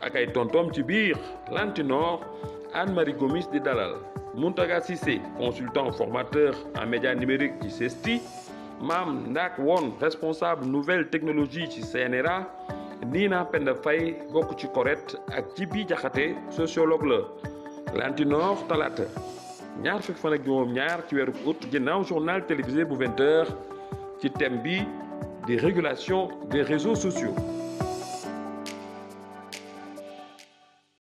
ak ay tontom ci Lantinor Anne Marie Gomis de dalal Muntaga Cissé consultant formateur en médias numériques ci CESTI Mam Ndak Won responsable nouvelles technologies ci CNRA Nina Penda Faye bokk ci CORED ak sociologue la Lantinor Talata. ñaar fukki fan ak juróom ñaar ci août journal télévisé bu 20h ci thème bi des régulations des réseaux sociaux